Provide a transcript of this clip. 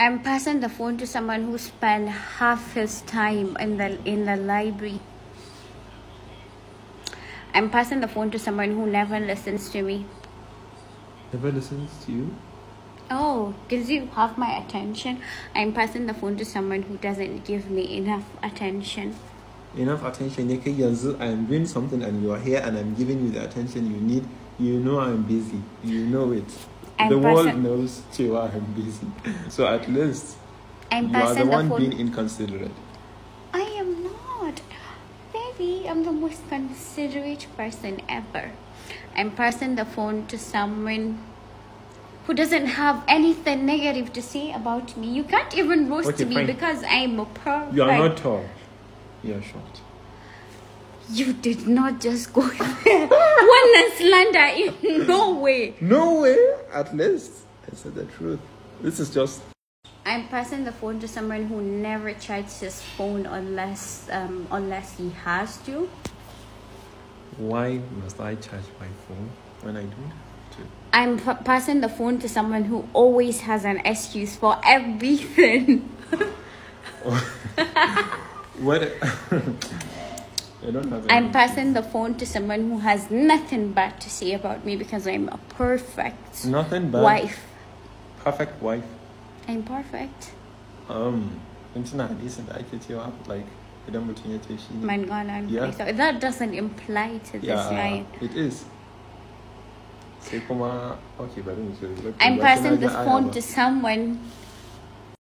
I'm passing the phone to someone who spent half his time in the in the library. I'm passing the phone to someone who never listens to me. Never listens to you? Oh, gives you half my attention. I'm passing the phone to someone who doesn't give me enough attention. Enough attention. I'm doing something and you are here and I'm giving you the attention you need. You know I'm busy. You know it the world knows Cewa I'm busy. So at least and you are the one the being inconsiderate. I am not. Baby, I'm the most considerate person ever. I'm passing the phone to someone who doesn't have anything negative to say about me. You can't even roast okay, me fine. because I'm a perfect. You are not tall. You are short. You did not just go there. slander No way. No way. At least I said the truth. This is just. I'm passing the phone to someone who never charges his phone unless um, unless he has to. Why must I charge my phone when I do to? I'm passing the phone to someone who always has an excuse for everything. what? I'm passing the phone to someone who has nothing bad to say about me because I'm a perfect nothing bad. wife. Perfect wife. I'm perfect. Um, it's not decent. I tell you up like idan mutum ya ce shi ne man gone yeah. so oh, that doesn't imply to this yeah, it is okay I'm passing this phone to someone